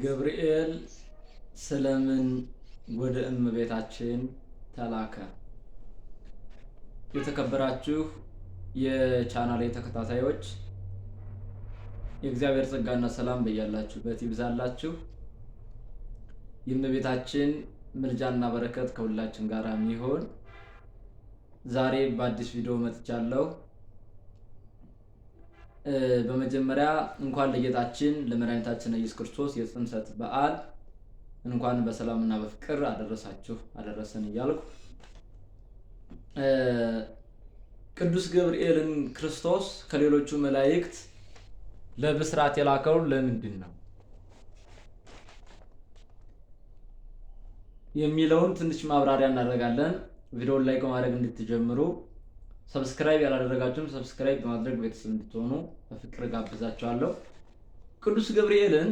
ገብርኤል ስለምን ወደ እመቤታችን ተላከ? የተከበራችሁ የቻናሌ ተከታታዮች የእግዚአብሔር ጸጋና ሰላም በያላችሁበት ይብዛላችሁ። የእመቤታችን ምልጃና በረከት ከሁላችን ጋር የሚሆን ዛሬ በአዲስ ቪዲዮ መጥቻለሁ። በመጀመሪያ እንኳን ለጌታችን ለመድኃኒታችን ኢየሱስ ክርስቶስ የጽንሰት በዓል እንኳን በሰላምና በፍቅር አደረሳችሁ አደረሰን እያልኩ ቅዱስ ገብርኤልን ክርስቶስ ከሌሎቹ መላእክት ለብስራት የላከው ለምንድን ነው የሚለውን ትንሽ ማብራሪያ እናደርጋለን። ቪዲዮውን ላይ ከማድረግ እንድትጀምሩ ሰብስክራይብ ያላደረጋችሁም ሰብስክራይብ በማድረግ ቤተሰብ እንድትሆኑ በፍቅር ጋብዛችኋለሁ። ቅዱስ ገብርኤልን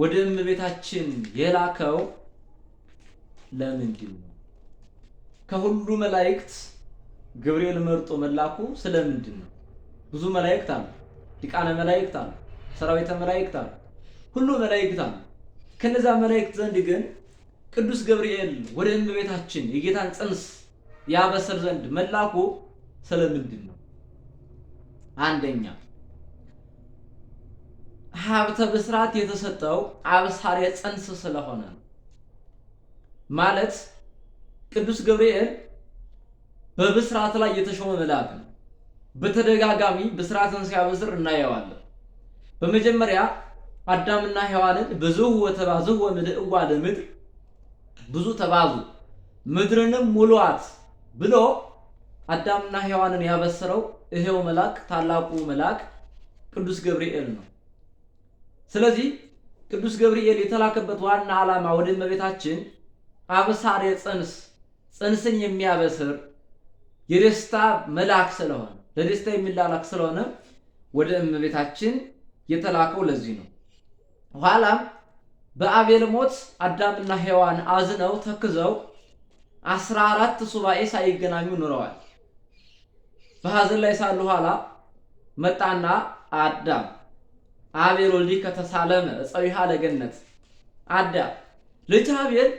ወደ እመቤታችን የላከው ለምንድን ነው? ከሁሉ መላእክት ገብርኤል መርጦ መላኩ ስለምንድን ነው? ብዙ መላእክት አሉ፣ ሊቃነ መላእክት አሉ፣ ሰራዊተ መላእክት አሉ፣ ሁሉ መላእክት አሉ። ከነዛ መላእክት ዘንድ ግን ቅዱስ ገብርኤል ወደ እመቤታችን የጌታን ጽንስ ያበስር ዘንድ መላኩ ስለምንድን ነው? አንደኛ ሀብተ ብስራት የተሰጠው አብሳር ጽንስ ስለሆነ ነው። ማለት ቅዱስ ገብርኤል በብስራት ላይ የተሾመ መልአክ ነው። በተደጋጋሚ ብስራትን ሲያበስር እናየዋለን። በመጀመሪያ አዳምና ሔዋንን በዝኅወ ወምድ እምድዕዋ ለምድር ብዙ ተባዙ ምድርንም ሙሉአት ብሎ አዳምና ሔዋንን ያበሰረው ይሄው መልአክ ታላቁ መልአክ ቅዱስ ገብርኤል ነው። ስለዚህ ቅዱስ ገብርኤል የተላከበት ዋና ዓላማ ወደ እመቤታችን አበሳሬ ጽንስ ጽንስን የሚያበስር የደስታ መልአክ ስለሆነ ለደስታ የሚላላክ ስለሆነ ወደ እመቤታችን የተላከው ለዚህ ነው። ኋላም በአቤል ሞት አዳምና ሔዋን አዝነው ተክዘው አስራ አራት ሱባኤ ሳይገናኙ ኑረዋል። በሐዘን ላይ ሳሉ ኋላ መጣና አዳም አቤል ወልዲ ከተሳለመ እፀዊሃ ለገነት አዳም ልጅ አቤል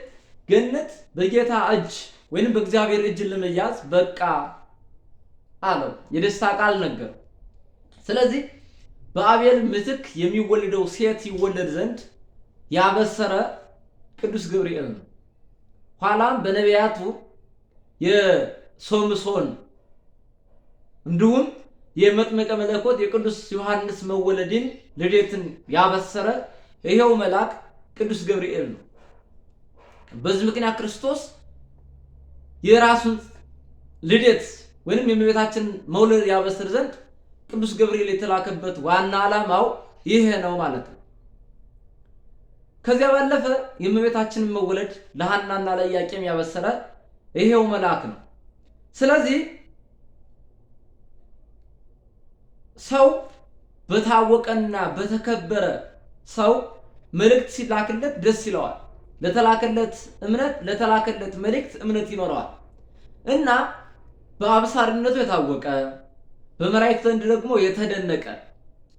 ገነት በጌታ እጅ ወይንም በእግዚአብሔር እጅ ልምያዝ በቃ አለው። የደስታ ቃል ነገር። ስለዚህ በአቤል ምትክ የሚወለደው ሴት ይወለድ ዘንድ ያበሰረ ቅዱስ ገብርኤል ነው። ኋላም በነቢያቱ የሶምሶን እንዲሁም የመጥመቀ መለኮት የቅዱስ ዮሐንስ መወለድን ልደትን ያበሰረ ይኸው መልአክ ቅዱስ ገብርኤል ነው። በዚህ ምክንያት ክርስቶስ የራሱን ልደት ወይንም የእመቤታችን መውለድ ያበስር ዘንድ ቅዱስ ገብርኤል የተላከበት ዋና ዓላማው ይሄ ነው ማለት ነው። ከዚያ ባለፈ የእመቤታችንን መወለድ ለሐናና ለኢያቄም ያበሰረ ይሄው መልአክ ነው። ስለዚህ ሰው በታወቀና በተከበረ ሰው መልእክት ሲላክለት ደስ ይለዋል። ለተላከለት እምነት ለተላከለት መልእክት እምነት ይኖረዋል እና በአብሳሪነቱ የታወቀ በመላእክት ዘንድ ደግሞ የተደነቀ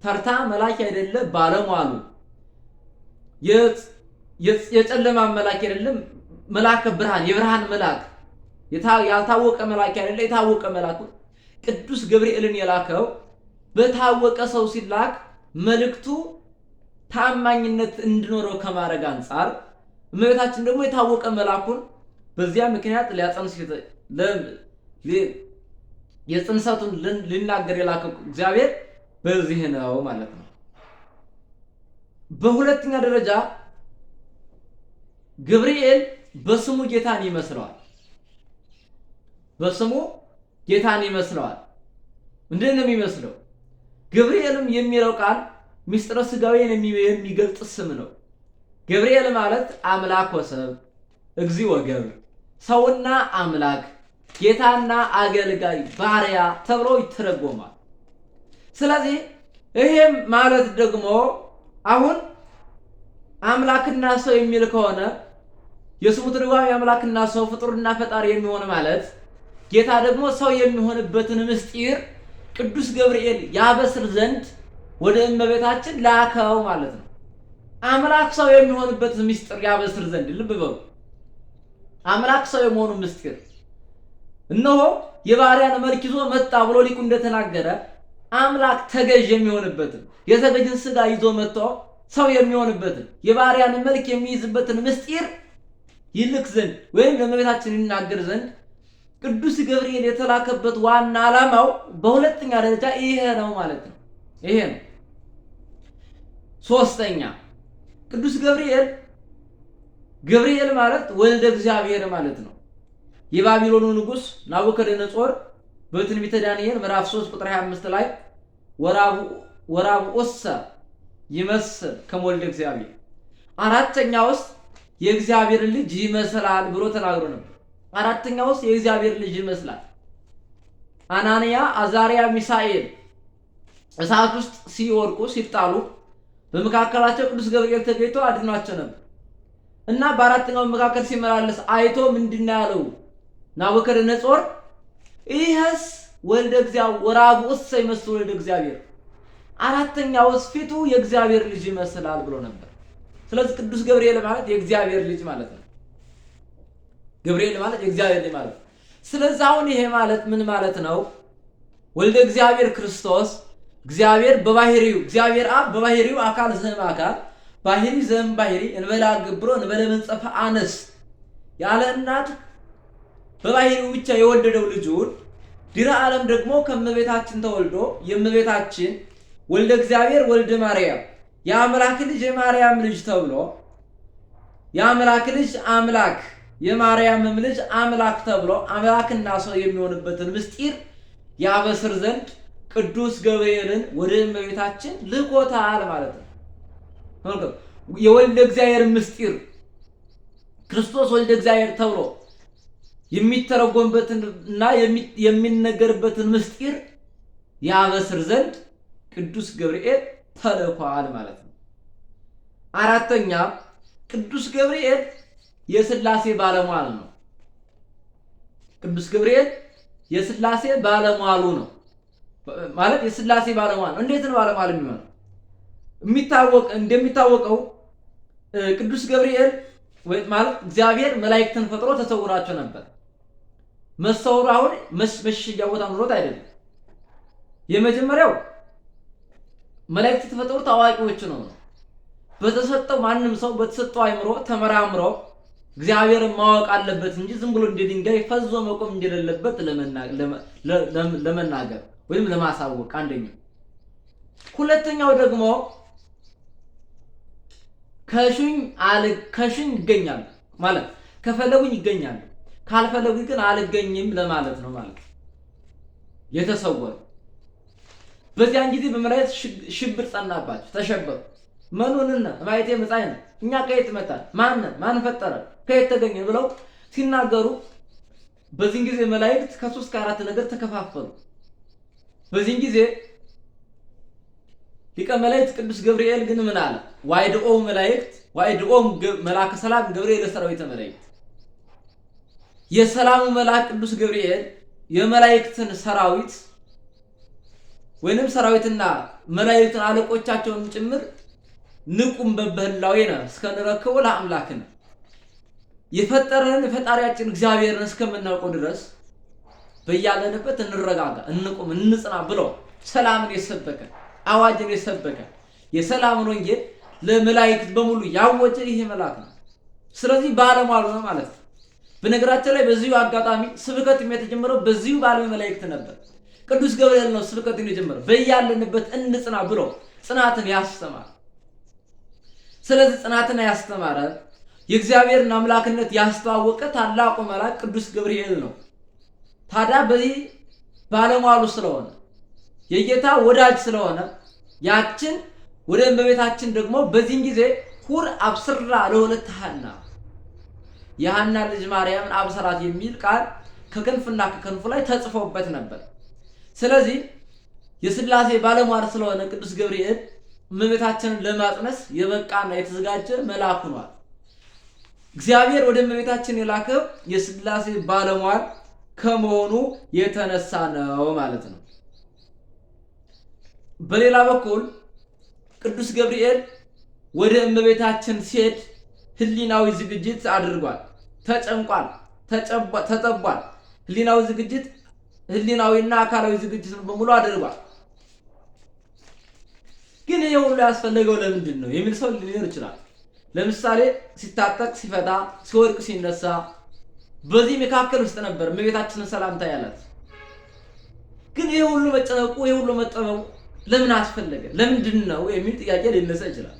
ተርታ መላክ አይደለ ባለሟሉ የጨለማ መልአክ አይደለም፣ መልአከ ብርሃን የብርሃን መልአክ ያልታወቀ መልአክ አይደለ፣ የታወቀ መልአክ ቅዱስ ገብርኤልን የላከው በታወቀ ሰው ሲላክ መልእክቱ ታማኝነት እንዲኖረው ከማድረግ አንጻር እመቤታችን ደግሞ የታወቀ መልአኩን በዚያ ምክንያት ሊያጸንስ የጽንሰቱን ልናገር የላከው እግዚአብሔር በዚህ ነው ማለት ነው። በሁለተኛ ደረጃ ገብርኤል በስሙ ጌታን ይመስለዋል። በስሙ ጌታን ይመስለዋል። ምንድን ነው የሚመስለው? ገብርኤልም የሚለው ቃል ሚስጥረ ስጋዊን የሚገልጽ ስም ነው። ገብርኤል ማለት አምላክ ወሰብ እግዚ ወገብ፣ ሰውና አምላክ ጌታና አገልጋይ ባሪያ ተብሎ ይተረጎማል። ስለዚህ ይሄም ማለት ደግሞ አሁን አምላክና ሰው የሚል ከሆነ የስሙ ትርጓሜ አምላክና ሰው ፍጡርና ፈጣሪ የሚሆን ማለት ጌታ ደግሞ ሰው የሚሆንበትን ምስጢር ቅዱስ ገብርኤል ያበስር ዘንድ ወደ እመቤታችን ላከው ማለት ነው። አምላክ ሰው የሚሆንበትን ምስጢር ያበስር ዘንድ ልብ በሉ። አምላክ ሰው የመሆኑ ምስጢር እነሆ የባሪያን መልክ ይዞ መጣ ብሎ ሊቁ እንደተናገረ አምላክ ተገዥ የሚሆንበትን የተገዥን ስጋ ይዞ መጥቶ ሰው የሚሆንበትን የባሪያን መልክ የሚይዝበትን ምስጢር ይልክ ዘንድ ወይም ለመቤታችን ይናገር ዘንድ ቅዱስ ገብርኤል የተላከበት ዋና ዓላማው በሁለተኛ ደረጃ ይሄ ነው ማለት ነው። ይሄ ነው። ሶስተኛ ቅዱስ ገብርኤል ገብርኤል ማለት ወልደ እግዚአብሔር ማለት ነው። የባቢሎኑ ንጉሥ ናቡከደነጾር በትንቢተ ዳንኤል ምዕራፍ 3 ቁጥር 25 ላይ ወራቡ ኦሰ ይመስል ከመወልደ እግዚአብሔር አራተኛ ውስጥ የእግዚአብሔር ልጅ ይመስላል ብሎ ተናግሮ ነበር። አራተኛ ውስጥ የእግዚአብሔር ልጅ ይመስላል። አናንያ፣ አዛሪያ፣ ሚሳኤል እሳት ውስጥ ሲወርቁ ሲጣሉ በመካከላቸው ቅዱስ ገብርኤል ተገኝቶ አድኗቸው ነበር እና በአራተኛው መካከል ሲመላለስ አይቶ ምንድን ነው ያለው ናቡከደነጾር ይህስ ወልደ እግዚአብሔር ወራብእሰ ይመስሉ ወልደ እግዚአብሔር፣ አራተኛውስ ፊቱ የእግዚአብሔር ልጅ ይመስላል ብሎ ነበር። ስለዚህ ቅዱስ ገብርኤል ማለት የእግዚአብሔር ልጅ ማለት ነው። ገብርኤል ማለት የእግዚአብሔር ልጅ ማለት ነው። ስለዚህ አሁን ይሄ ማለት ምን ማለት ነው? ወልደ እግዚአብሔር ክርስቶስ እግዚአብሔር በባህሪው እግዚአብሔር አብ በባህሪው አካል ዘም አካል ባህሪ ዘም ባህሪ እንበላ ግብሮ እንበለ መንጸፈ አነስ ያለ እናት በባህሪው ብቻ የወደደው ልጁን ድረ ዓለም ደግሞ ከእመቤታችን ተወልዶ የእመቤታችን ወልደ እግዚአብሔር ወልደ ማርያም የአምላክ ልጅ የማርያም ልጅ ተብሎ የአምላክ ልጅ አምላክ የማርያምም ልጅ አምላክ ተብሎ አምላክና ሰው የሚሆንበትን ምስጢር ያበስር ዘንድ ቅዱስ ገብርኤልን ወደ እመቤታችን ልኮታል ማለት ነው። የወልደ እግዚአብሔር ምስጢር ክርስቶስ ወልደ እግዚአብሔር ተብሎ የሚተረጎምበትንና እና የሚነገርበትን ምስጢር ያበስር ዘንድ ቅዱስ ገብርኤል ተልኳል ማለት ነው። አራተኛ ቅዱስ ገብርኤል የስላሴ ባለሟል ነው። ቅዱስ ገብርኤል የስላሴ ባለሟሉ ነው ማለት የስላሴ ባለሟል ነው። እንዴት ነው ባለሟል የሚሆነው? የሚታወቅ እንደሚታወቀው ቅዱስ ገብርኤል ወይ ማለት እግዚአብሔር መላእክትን ፈጥሮ ተሰውራቸው ነበር። መሰወሩ አሁን መሸሸጊያ ቦታ ኑሮት አይደለም። የመጀመሪያው መላእክት የተፈጠሩት አዋቂዎች ነው። በተሰጠው ማንም ሰው በተሰጠው አይምሮ ተመራምሮ እግዚአብሔርን ማወቅ አለበት እንጂ ዝም ብሎ እንደ ድንጋይ ፈዞ መቆም እንደሌለበት ለመናገር ወይም ለማሳወቅ አንደኛው። ሁለተኛው ደግሞ ከሹኝ አለ ከሽኝ ይገኛሉ ማለት ከፈለጉኝ ይገኛሉ ካልፈለጉ ግን አልገኝም ለማለት ነው ማለት የተሰወረ በዚያን ጊዜ በመላእክት ሽብር ጸናባቸው፣ ተሸበሩ። መኑንና ማየቴ መጻይ ነው እኛ ከየት መጣን? ማን ማን ፈጠረ? ከየት ተገኘ ብለው ሲናገሩ በዚህን ጊዜ መላእክት ከሶስት ከአራት ነገር ተከፋፈሉ። በዚህን ጊዜ ሊቀ መላእክት ቅዱስ ገብርኤል ግን ምን አለ? ዋይድኦ መላእክት ዋይድኦ መልአከ ሰላም ገብርኤል ለሰራዊተ መላእክት የሰላሙ መልአክ ቅዱስ ገብርኤል የመላእክትን ሰራዊት ወይንም ሰራዊትና መላእክትን አለቆቻቸውን ጭምር ንቁም በበህላዌነ እስከንረክቡ ለአምላክን የፈጠረን የፈጣሪያችን እግዚአብሔርን እስከምናውቀው ድረስ በያለንበት እንረጋጋ፣ እንቁም፣ እንጽና ብሎ ሰላምን የሰበከ አዋጅን የሰበከ የሰላምን ወንጌል ለመላእክት በሙሉ ያወጀ ይሄ መልአክ ነው። ስለዚህ በዓለም አልሆነ ማለት ነው። በነገራችን ላይ በዚሁ አጋጣሚ ስብከትም የተጀመረው በዚሁ በዓለመ መላእክት ነበር። ቅዱስ ገብርኤል ነው ስብከትን የጀመረው። በያለንበት እንጽና ብሎ ጽናትን ያስተማር። ስለዚህ ጽናትን ያስተማረ የእግዚአብሔርን አምላክነት ያስተዋወቀ ታላቁ መልአክ ቅዱስ ገብርኤል ነው። ታዲያ በዚህ ባለሟሉ ስለሆነ የጌታ ወዳጅ ስለሆነ ያችን ወደ እመቤታችን ደግሞ በዚህን ጊዜ ሁር አብስራ ለሁለት ሐና የሐና ልጅ ማርያምን አብሰራት የሚል ቃል ከክንፍና ከክንፉ ላይ ተጽፎበት ነበር። ስለዚህ የስላሴ ባለሟል ስለሆነ ቅዱስ ገብርኤል እመቤታችንን ለማጽነስ የበቃና የተዘጋጀ መልአክ ሆኗል። እግዚአብሔር ወደ እመቤታችን የላከው የስላሴ ባለሟል ከመሆኑ የተነሳ ነው ማለት ነው። በሌላ በኩል ቅዱስ ገብርኤል ወደ እመቤታችን ሲሄድ ህሊናዊ ዝግጅት አድርጓል። ተጨንቋል፣ ተጠቧል። ህሊናዊ ዝግጅት ህሊናዊና አካላዊ ዝግጅት በሙሉ አድርጓል። ግን ይሄ ሁሉ ያስፈለገው ለምንድን ነው የሚል ሰው ሊኖር ይችላል። ለምሳሌ ሲታጠቅ፣ ሲፈታ፣ ሲወድቅ፣ ሲነሳ በዚህ መካከል ውስጥ ነበር እመቤታችንን ሰላምታ ያላት። ግን ይሄ ሁሉ መጨነቁ ይሄ ሁሉ መጠበቡ ለምን አስፈለገ? ለምንድን ነው የሚል ጥያቄ ሊነሳ ይችላል።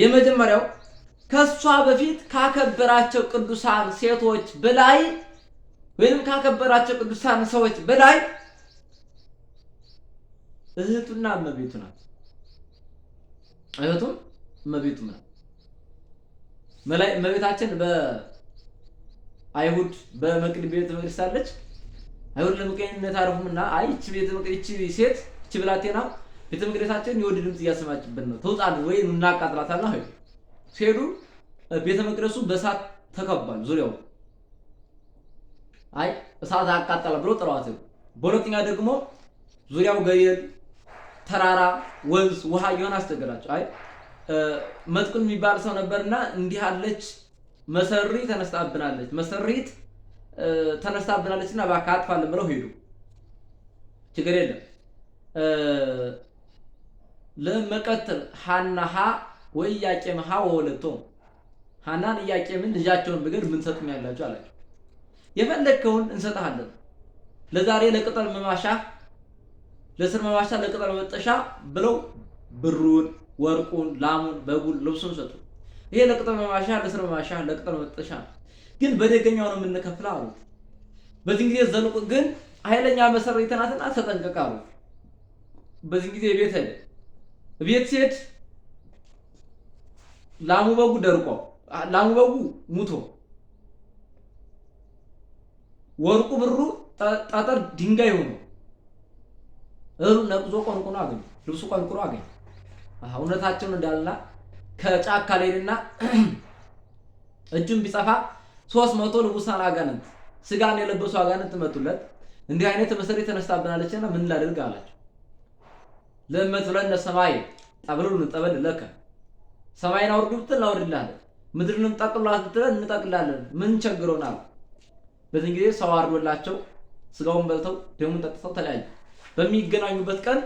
የመጀመሪያው ከሷ በፊት ካከበራቸው ቅዱሳን ሴቶች በላይ ወይም ካከበራቸው ቅዱሳን ሰዎች በላይ እህቱና እመቤቱ ናት። እህቱም እመቤቱም ናት። እመቤታችን በአይሁድ በመቅድ ቤተ መቅደስ አለች። አይሁድ ለምቀኝነት አረፉምና አይ እቺ ቤተ መቅደስ እቺ ሴት እቺ ብላቴና ቤተ መቅደሳችን የወድ ድምፅ እያሰማችበት ነው ተውጣን ወይ እናቃጥላታለን አይሁድ ሲሄዱ ቤተ መቅደሱ በእሳት ተከቧል። ዙሪያው አይ እሳት አቃጠለ ብሎ ጥሯት። በሁለተኛ ደግሞ ዙሪያው ገየል፣ ተራራ፣ ወንዝ፣ ውሃ እየሆነ አስቸገራቸው። አይ መጥቁን የሚባል ሰው ነበርና እንዲህ አለች፣ መሰሪ ተነስታብናለች፣ መሰሪት ተነስታብናለችና እባክህ አጥፋልን ብለው ሄዱ። ችግር የለም ለመቀትል ሀና ሀ ወይ ኢያቄም ሀ ወወለቶም ሐናን ኢያቄምን ልጃቸውን ብገድ ምን ሰጡኝ ያላችሁ አላቸው። የፈለግከውን እንሰጥሃለን። ለዛሬ ለቅጠል መማሻ፣ ለስር መማሻ፣ ለቅጠል መጠሻ ብለው ብሩን፣ ወርቁን፣ ላሙን፣ በጉን፣ ልብሱን ሰጡ። ይሄ ለቅጠል መማሻ፣ ለስር መማሻ፣ ለቅጠል መጠሻ ግን በደገኛው ነው የምንከፍለው አሉት። በዚህ ጊዜ ዘልቁ ግን ኃይለኛ መሰረተናትና ተጠንቀቅ አሉት። በዚህ ጊዜ ቤት ሄደ። ቤት ሲሄድ ላሙ በጉ ደርቆ ላሙ በጉ ሙቶ ወርቁ ብሩ ጠጠር ድንጋይ ሆኖ እሩ ነቅዞ ቆንቁኖ አገኘ። ልብሱ ቆንቁኖ አገኘ። እውነታቸውን እንዳልና ከጫካ ላይና እጁን ቢጸፋ ሶስት መቶ ልቡሳን አጋንንት ስጋን የለበሱ አጋንንት መጡለት። እንዲህ አይነት መሰሪ ተነስታብናለችና ምን ላድርግ አላቸው። ለእመት ብለን ለሰማይ ጠብሉን ጠበል ለከ ሰማይን አውርድ ብትል እናውርድላለን፣ ምድርንም ጠቅልሏት ብትለን እንጠቅላለን። ምን ቸግሮናል? በዚህ ጊዜ ሰው አርዶላቸው ስጋውን በልተው ደሙን ጠጥተው ተለያዩ። በሚገናኙበት ቀን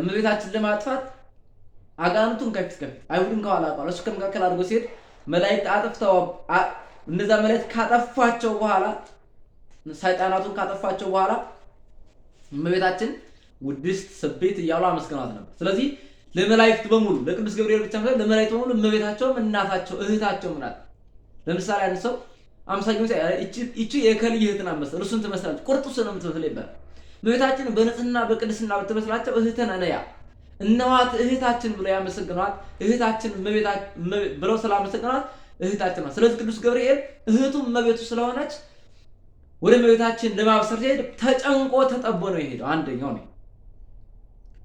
እመቤታችንን ለማጥፋት አጋንንቱን ከፊት ከፊት አይሁድን ከኋላ ቋል እሱ ከመካከል አድርጎ ሲሄድ መላእክት አጥፍተው እነዛ መላእክት ካጠፏቸው በኋላ ሰይጣናቱን ካጠፏቸው በኋላ እመቤታችን ውድስት ስቤት እያሉ አመስግኗት ነበር። ስለዚህ ለመላእክት በሙሉ ለቅዱስ ገብርኤል ብቻ ማለት ለመላእክት በሙሉ እመቤታቸውም እናታቸው እህታቸውም ናት። ለምሳሌ አንድ ሰው አምሳ ጊዜ እቺ እቺ የከልይ እህትና መሰል እርሱን ትመስላለች ቁርጡስ ነው የምትመስል ይባላል። እመቤታችን በንጽህና በቅድስና ብትመስላቸው እህተን ነያ እነዋት እህታችን ብለው ያመሰግኗት እህታችን ብለው ስላመሰግኗት እህታችን ናት። ስለዚህ ቅዱስ ገብርኤል እህቱ እመቤቱ ስለሆነች ወደ እመቤታችን ለማብሰር ሲሄድ ተጨንቆ ተጠቦ ነው የሄደው። አንደኛው ነው።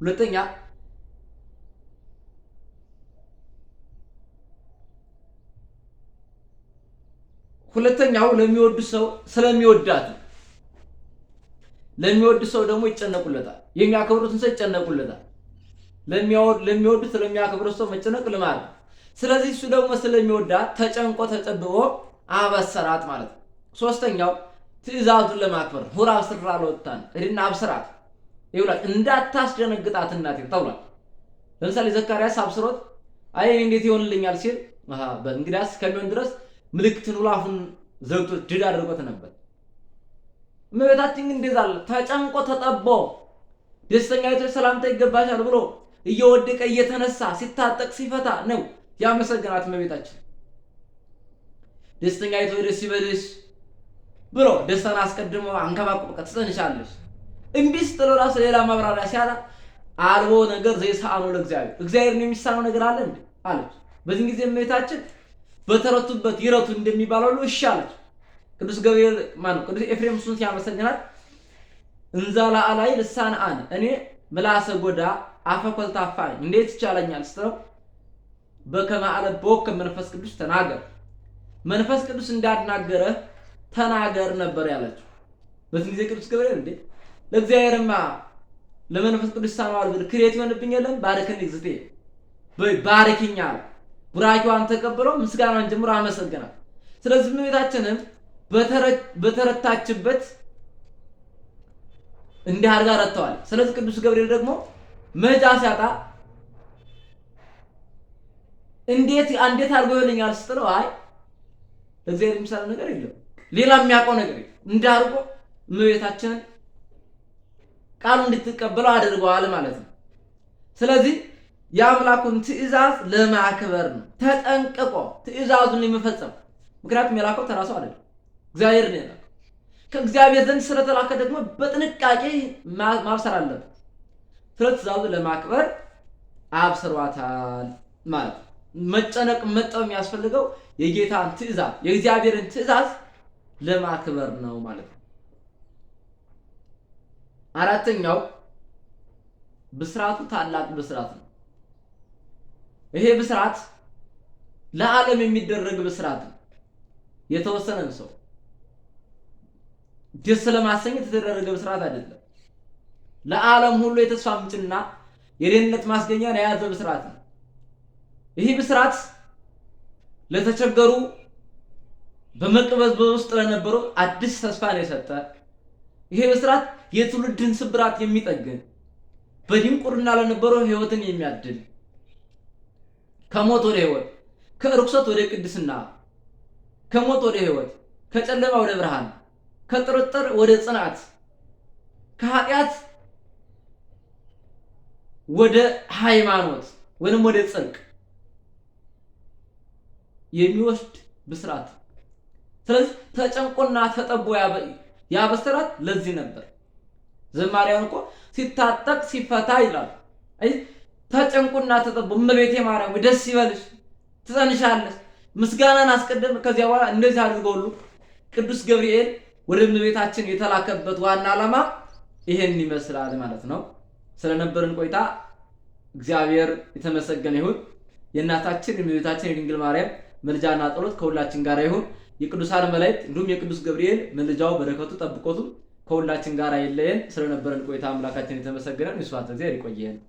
ሁለተኛ ሁለተኛው ለሚወዱ ሰው ስለሚወዳት ለሚወዱ ሰው ደግሞ ይጨነቁለታል። የሚያከብሩትን ሰው ይጨነቁለታል። ለሚወዱት ለሚያከብሩት ሰው መጨነቅ ልማድ። ስለዚህ እሱ ደግሞ ስለሚወዳት ተጨንቆ ተጨብቦ አበሰራት ማለት ነው። ሶስተኛው ትዕዛዙን ለማክበር ሁራ ስራ ለወጣን እድና አብስራት ይብላል እንዳታስደነግጣት እናቴ ተብሏል። ለምሳሌ ዘካርያስ አብስሮት አይ እንዴት ይሆንልኛል ሲል እንግዲያስ ከሚሆን ድረስ ምልክትን ሁሉ አፉን ዘግቶ ድድ አድርጎት ነበር። እመቤታችን ግን እንደዛ አለ ተጨንቆ ተጠቦ ደስተኛ ደስተኛይቶች ሰላምታ ይገባሻል ብሎ እየወደቀ እየተነሳ ሲታጠቅ ሲፈታ ነው ያመሰገናት እመቤታችን። ደስተኛይቶ ደስ ይበልሽ ብሎ ደስታን አስቀድሞ አንከባክቦ በቃ ትጸንሻለሽ። እምቢ ስትለው ራሱ ሌላ ማብራሪያ ሲያጣ አልቦ ነገር ዘይሳአኑ ለእግዚአብሔር እግዚአብሔር የሚሳነው ነገር አለ እንዴ አለች። በዚህ ጊዜ እመቤታችን በተረቱበት ይረቱ እንደሚባለው ሁሉ እሺ አለች። ቅዱስ ገብርኤል ማነው ቅዱስ ኤፍሬም እሱን ሲያመሰግናት እንዛላ አላይ ልሳነ አን እኔ ምላሰ ጎዳ አፈ ኮልታፋ እንዴት ይቻለኛል ስትለው በከመ በወከ መንፈስ ቅዱስ ተናገር መንፈስ ቅዱስ እንዳናገረ ተናገር ነበር ያለችው። በዚህ ጊዜ ቅዱስ ገብርኤል እንዴ ለእግዚአብሔርማ ለመንፈስ ቅዱስ ሳማዋል ብል ክሬት ይሆንብኝ የለም ባርከን ግዝቴ ባርኪኛ ባረከኛል ቡራኪዋን ተቀብሎ ምስጋናን ጀምሮ አመሰግናል። ስለዚህ እመቤታችንም በተረታችበት እንዲህ አድርጋ ስለዚህ ቅዱስ ገብርኤል ደግሞ መጃ ሲያጣ እንዴት እንዴት አድርጎ ይሆነኛል ስትለው አይ እዚህ የሚሳል ነገር የለም ሌላ የሚያውቀው ነገር የለም እንዳርጎ እመቤታችንን ቃሉ እንድትቀበለው አድርገዋል ማለት ነው። ስለዚህ የአምላኩን ትእዛዝ ለማክበር ነው። ተጠንቅቆ ትእዛዙን የሚፈጸም ምክንያቱም የላከው ተራሱ አለ እግዚአብሔር ነው የላከው። ከእግዚአብሔር ዘንድ ስለተላከ ደግሞ በጥንቃቄ ማብሰር አለበት። ስለ ትእዛዙ ለማክበር አብስሯታል ማለት መጨነቅ መጠው የሚያስፈልገው የጌታን ትእዛዝ የእግዚአብሔርን ትእዛዝ ለማክበር ነው ማለት ነው። አራተኛው ብስራቱ ታላቅ ብስራት ነው። ይሄ ብስራት ለዓለም የሚደረግ ብስራት ነው። የተወሰነን ሰው ደስ ለማሰኘት የተደረገ ብስራት አይደለም። ለዓለም ሁሉ የተስፋ ምንጭና የደህንነት ማስገኛን የያዘ ብስራት ነው። ይህ ብስራት ለተቸገሩ፣ በመቅበዝበዝ ውስጥ ለነበሩ አዲስ ተስፋን የሰጠ ይሄ ብስራት የትውልድን ስብራት የሚጠግን፣ በድንቁርና ለነበረው ህይወትን የሚያድል ከሞት ወደ ህይወት፣ ከርኩሰት ወደ ቅድስና፣ ከሞት ወደ ህይወት፣ ከጨለማ ወደ ብርሃን፣ ከጥርጥር ወደ ጽናት፣ ከኃጢአት ወደ ሃይማኖት ወይም ወደ ጽድቅ የሚወስድ ብስራት። ስለዚህ ተጨንቆና ተጠቦ ያበሰራት ለዚህ ነበር። ዘማሪያን እኮ ሲታጠቅ ሲፈታ ይላል። ተጨንቁና ተጠቡ። እመቤቴ ማርያም ደስ ይበልሽ፣ ትጸንሻለሽ። ምስጋናን አስቀደም። ከዚያ በኋላ እንደዚህ አድርገውሉ ቅዱስ ገብርኤል ወደ እመቤታችን የተላከበት ዋና ዓላማ ይሄን ይመስላል ማለት ነው። ስለነበረን ቆይታ እግዚአብሔር የተመሰገነ ይሁን። የእናታችን የእመቤታችን የድንግል ማርያም መልጃና ጸሎት ከሁላችን ጋር ይሁን። የቅዱሳን መላእክት እንዲሁም የቅዱስ ገብርኤል መልጃው በረከቱ ጠብቆቱ ከሁላችን ጋር ይለየን። ስለነበረን ቆይታ አምላካችን የተመሰገነን ይስዋት እግዚአብሔር ይቆየን።